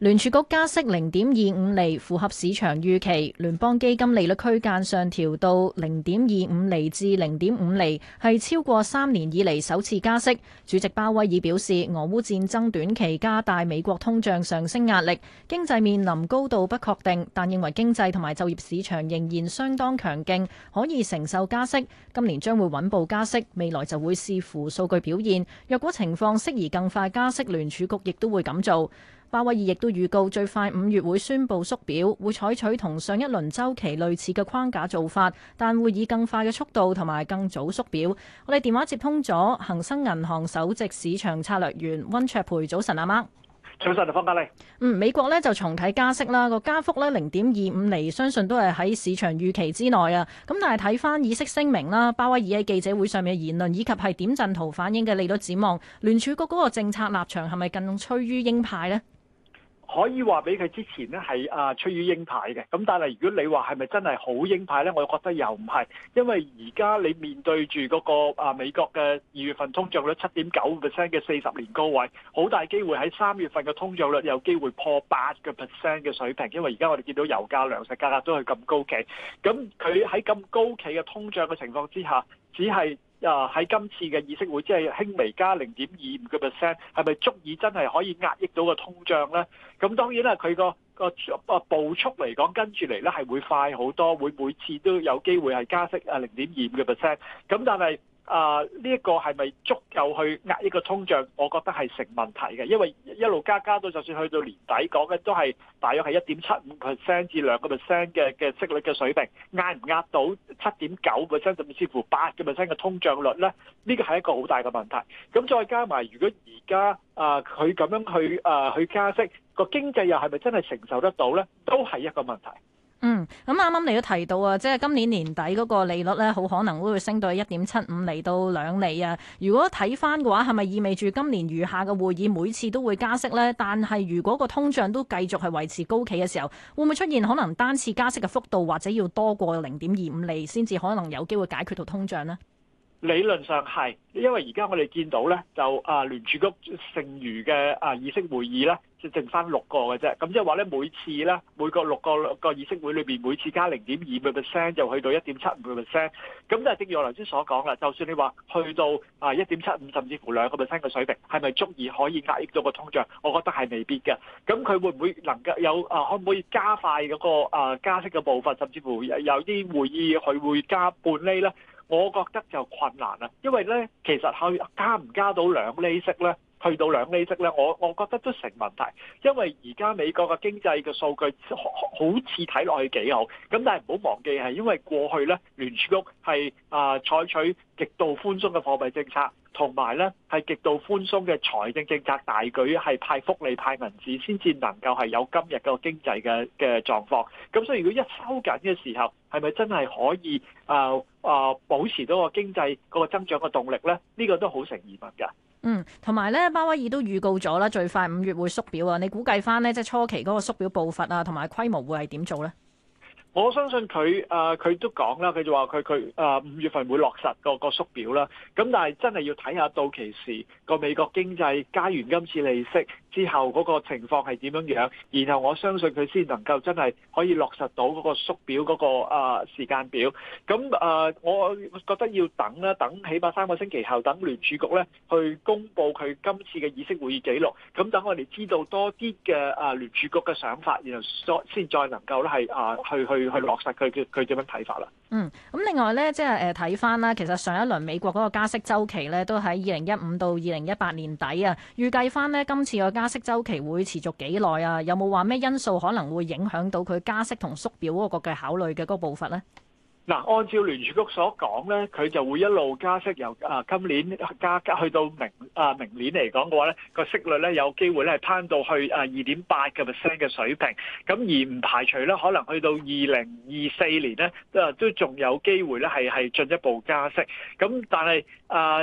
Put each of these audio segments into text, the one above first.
聯儲局加息零點二五厘，符合市場預期。聯邦基金利率區間上調到零點二五厘至零點五厘，係超過三年以嚟首次加息。主席鮑威爾表示，俄烏戰爭短期加大美國通脹上升壓力，經濟面臨高度不確定，但認為經濟同埋就業市場仍然相當強勁，可以承受加息。今年將會穩步加息，未來就會視乎數據表現。若果情況適宜更快加息，聯儲局亦都會咁做。鮑威爾亦都預告最快五月會宣布縮表，會採取同上一輪週期類似嘅框架做法，但會以更快嘅速度同埋更早縮表。我哋電話接通咗恒生銀行首席市場策略員温卓培，早晨阿媽，早、啊、晨，方家利。嗯，美國呢就重啟加息啦，個加幅呢零點二五厘，相信都係喺市場預期之內啊。咁但係睇翻議息聲明啦，鮑威爾喺記者會上面嘅言論以及係點陣圖反映嘅利率展望，聯儲局嗰個政策立場係咪更趨於鷹派呢？可以話俾佢之前咧係啊出於鷹派嘅，咁但係如果你話係咪真係好鷹派呢？我覺得又唔係，因為而家你面對住嗰個啊美國嘅二月份通脹率七點九 percent 嘅四十年高位，好大機會喺三月份嘅通脹率有機會破八個 percent 嘅水平，因為而家我哋見到油價糧食價格都係咁高企，咁佢喺咁高企嘅通脹嘅情況之下，只係。啊！喺今次嘅議息會，即係輕微加零點二五嘅 percent，係咪足以真係可以壓抑到個通脹咧？咁當然喇，佢個個啊步速嚟講，跟住嚟咧係會快好多，會每次都有機會係加息啊零點二五嘅 percent，咁但係。啊！呢一、uh, 個係咪足夠去壓呢個通脹？我覺得係成問題嘅，因為一路加加到，就算去到年底講嘅都係大約係一點七五 percent 至兩個 percent 嘅嘅息率嘅水平，壓唔壓到七點九 percent 甚至乎八個 percent 嘅通脹率咧？呢個係一個好大嘅問題。咁再加埋，如果而家啊佢咁樣去啊去、uh, 加息，個經濟又係咪真係承受得到咧？都係一個問題。嗯，咁啱啱你都提到啊，即係今年年底嗰個利率咧，好可能都會升到一點七五厘到兩厘啊。如果睇翻嘅話，係咪意味住今年餘下嘅會議每次都會加息咧？但係如果個通脹都繼續係維持高企嘅時候，會唔會出現可能單次加息嘅幅度或者要多過零點二五厘先至可能有機會解決到通脹咧？理論上係，因為而家我哋見到咧，就啊聯儲局剩餘嘅啊議息會議咧。即剩翻六個嘅啫，咁即係話咧，每次咧，每個六個個議息會裏邊，每次加零點二五個 percent 就去到一點七五個 percent，咁就正如我頭先所講啦。就算你話去到啊一點七五，甚至乎兩個 percent 嘅水平，係咪足以可以壓抑到個通脹？我覺得係未必嘅。咁佢會唔會能夠有啊？可唔可以加快嗰個啊加息嘅部分？甚至乎有啲會議佢會加半厘咧？我覺得就困難啦，因為咧其實佢加唔加到兩厘息咧？去到兩厘息咧，我我覺得都成問題，因為而家美國嘅經濟嘅數據好似睇落去幾好，咁但係唔好忘記係因為過去咧聯儲局係啊採取極度寬鬆嘅貨幣政策，同埋咧係極度寬鬆嘅財政政策大舉係派福利派銀紙，先至能夠係有今日個經濟嘅嘅狀況。咁所以如果一收緊嘅時候，係咪真係可以啊啊、呃呃、保持到個經濟嗰個增長嘅動力咧？呢、呢個都好成疑問㗎。嗯，同埋咧，鮑威爾都預告咗啦，最快五月會縮表啊！你估計翻咧，即係初期嗰個縮表步伐啊，同埋規模會係點做咧？我相信佢啊，佢都講啦，佢就話佢佢啊，五月份會落實個個縮表啦。咁但係真係要睇下到期時個美國經濟加完今次利息。之後嗰個情況係點樣樣？然後我相信佢先能夠真係可以落實到嗰個縮表嗰個啊時間表。咁啊，我覺得要等啦，等起碼三個星期後，等聯儲局咧去公佈佢今次嘅議息會議記錄。咁等我哋知道多啲嘅啊聯儲局嘅想法，然後再先再能夠咧係啊去去去落實佢佢佢點樣睇法啦。嗯，咁另外咧，即係誒睇翻啦，呃、其實上一輪美國嗰個加息周期咧都喺二零一五到二零一八年底啊。預計翻咧今次個加息周期會持續幾耐啊？有冇話咩因素可能會影響到佢加息同縮表嗰個嘅考慮嘅嗰個步伐咧？嗱，按照聯儲局所講咧，佢就會一路加息，由啊今年加加去到明啊明年嚟講嘅話咧，個息率咧有機會咧係攀到去啊二點八個 percent 嘅水平，咁而唔排除咧可能去到二零二四年咧，啊都仲有機會咧係係進一步加息。咁但係啊，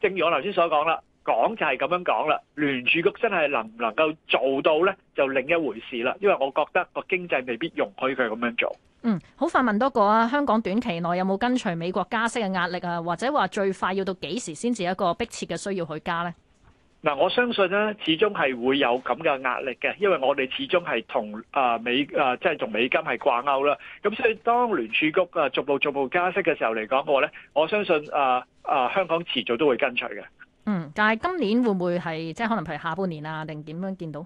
正如我頭先所講啦，講就係咁樣講啦，聯儲局真係能唔能夠做到咧，就另一回事啦。因為我覺得個經濟未必容許佢咁樣做。嗯，好快問多個啊！香港短期內有冇跟隨美國加息嘅壓力啊？或者話最快要到幾時先至一個迫切嘅需要去加呢？嗱，嗯，我相信咧，始終係會有咁嘅壓力嘅，因為我哋始終係同啊、呃、美啊、呃，即係同美金係掛鈎啦。咁、嗯、所以當聯儲局啊逐步逐步加息嘅時候嚟講嘅話咧，我相信啊啊、呃呃、香港遲早都會跟隨嘅。嗯，但係今年會唔會係即係可能譬如下半年啊，定點樣見到？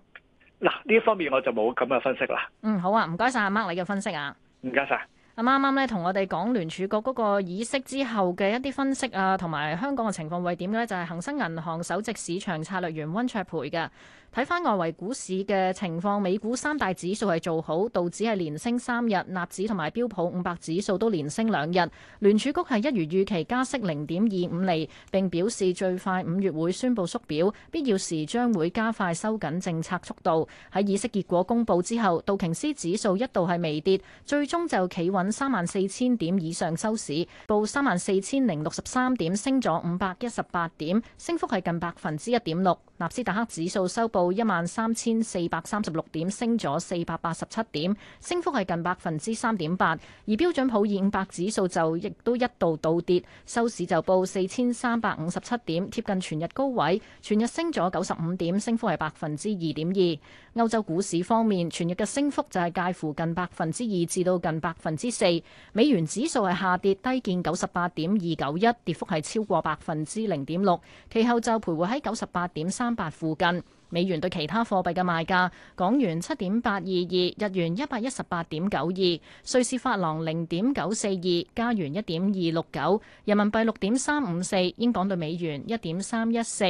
嗱，呢一方面我就冇咁嘅分析啦。嗯，好啊，唔該晒阿 Mark 你嘅分析啊。唔該曬。阿啱啱咧同我哋講聯儲局嗰個議息之後嘅一啲分析啊，同埋香港嘅情況會點嘅咧？就係、是、恒生銀行首席市場策略員温卓培嘅。睇翻外圍股市嘅情況，美股三大指數係做好，道指係連升三日，納指同埋標普五百指數都連升兩日。聯儲局係一如預期加息零點二五厘，並表示最快五月會宣布縮表，必要時將會加快收緊政策速度。喺議息結果公佈之後，道瓊斯指數一度係微跌，最終就企穩三萬四千點以上收市，報三萬四千零六十三點，升咗五百一十八點，升幅係近百分之一點六。納斯達克指數收報一萬三千四百三十六點，升咗四百八十七點，升幅係近百分之三點八。而標準普爾五百指數就亦都一度倒跌，收市就報四千三百五十七點，貼近全日高位，全日升咗九十五點，升幅係百分之二點二。歐洲股市方面，全日嘅升幅就係介乎近百分之二至到近百分之四。美元指數係下跌，低見九十八點二九一，跌幅係超過百分之零點六。其後就徘徊喺九十八點三。八附近，美元對其他貨幣嘅賣價：港元七點八二二，日元一百一十八點九二，瑞士法郎零點九四二，加元一點二六九，人民幣六點三五四，英鎊兌美元一點三一四，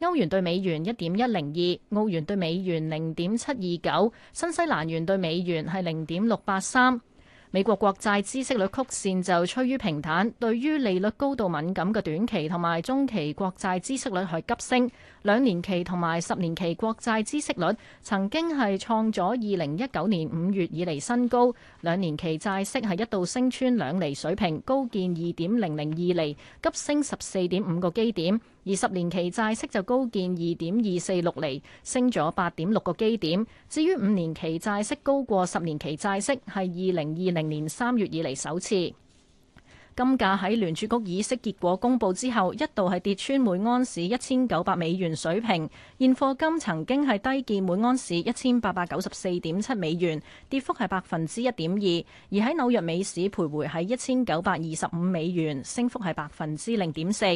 歐元兌美元一點一零二，澳元兌美元零點七二九，新西蘭元兌美元係零點六八三。美國國債孳息率曲線就趨於平坦，對於利率高度敏感嘅短期同埋中期國債孳息率係急升，兩年期同埋十年期國債孳息率曾經係創咗二零一九年五月以嚟新高，兩年期債息係一度升穿兩厘水平，高見二點零零二厘，急升十四點五個基點。二十年期債息就高見二點二四六厘，升咗八點六個基點。至於五年期債息高過十年期債息，係二零二零年三月以嚟首次。金價喺聯儲局議息結果公佈之後，一度係跌穿每安士一千九百美元水平。現貨金曾經係低見每安士一千八百九十四點七美元，跌幅係百分之一點二。而喺紐約美市徘徊喺一千九百二十五美元，升幅係百分之零點四。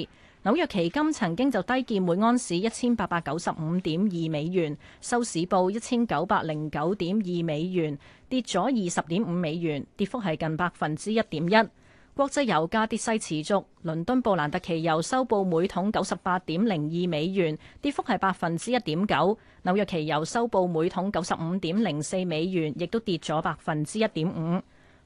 紐約期金曾經就低見每安士一千八百九十五點二美元，收市報一千九百零九點二美元，跌咗二十點五美元，跌幅係近百分之一點一。國際油價跌勢持續，倫敦布蘭特期油收報每桶九十八點零二美元，跌幅係百分之一點九。紐約期油收報每桶九十五點零四美元，亦都跌咗百分之一點五。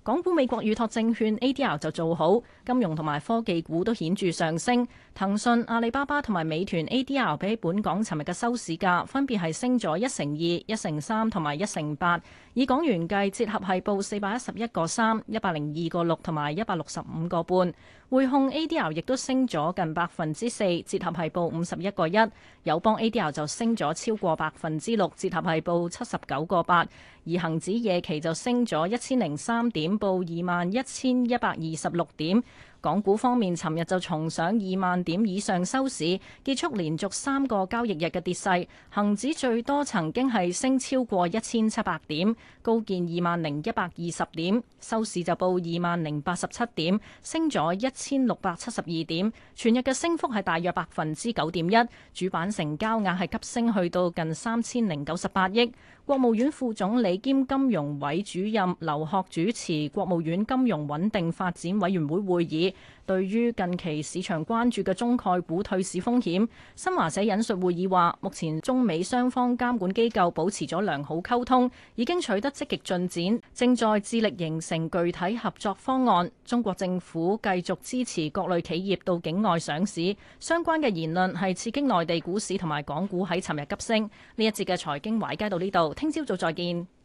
港股美國預託證券 ADR 就做好，金融同埋科技股都顯著上升。騰訊、阿里巴巴同埋美團 ADR 比起本港尋日嘅收市價，分別係升咗一成二、一成三同埋一成八。以港元計，折合係報四百一十一個三、一百零二個六同埋一百六十五個半。匯控 ADR 亦都升咗近百分之四，折合係報五十一個一；友邦 ADR 就升咗超過百分之六，折合係報七十九個八。而恒指夜期就升咗一千零三點，報二萬一千一百二十六點。港股方面，尋日就重上二萬點以上收市，結束連續三個交易日嘅跌勢。恒指最多曾經係升超過一千七百點，高見二萬零一百二十點，收市就報二萬零八十七點，升咗一。千六百七十二點，全日嘅升幅係大約百分之九點一，主板成交額係急升去到近三千零九十八億。國務院副總理兼金融委主任劉鶴主持國務院金融穩定發展委員會會議，對於近期市場關注嘅中概股退市風險，新華社引述會議話：目前中美雙方監管機構保持咗良好溝通，已經取得積極進展，正在致力形成具體合作方案。中國政府繼續支持各類企業到境外上市，相關嘅言論係刺激內地股市同埋港股喺尋日急升。呢一節嘅財經，華爾街到呢度。聽朝早再見。